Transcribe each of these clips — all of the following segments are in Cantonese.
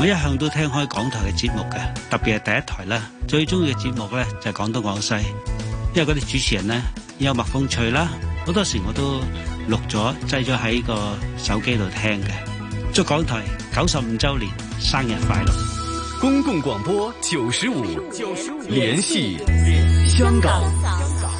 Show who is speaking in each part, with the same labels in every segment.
Speaker 1: 我一向都聽開港台嘅節目嘅，特別係第一台啦，最中意嘅節目咧就講東講西，因為嗰啲主持
Speaker 2: 人咧幽默風趣啦，好多時我都錄咗，製咗喺個手
Speaker 1: 機度聽嘅。祝港台九十五周年生日快樂！公共廣播九十五，聯繫香港。香港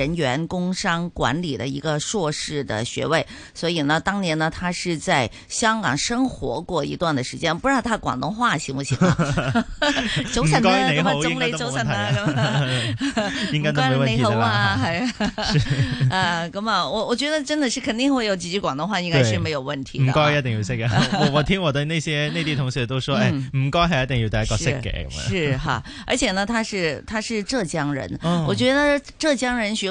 Speaker 3: 人員工商管理的一個碩士的學位，所以呢，當年呢，他是在香港生活過一段的時間。不知道他廣東話行不行？早晨啊，咁啊，總理早晨啊，應該冇問題。你好啊，係啊，啊，咁啊，我我覺得真的是肯定會有幾句廣東話，應該是沒有問題的。唔該，一
Speaker 2: 定要識嘅。我我聽我的那些內地同學都說，哎，唔該係一定要大家識嘅。是哈，
Speaker 3: 而且呢，他是他是浙江人，我覺得浙江人學。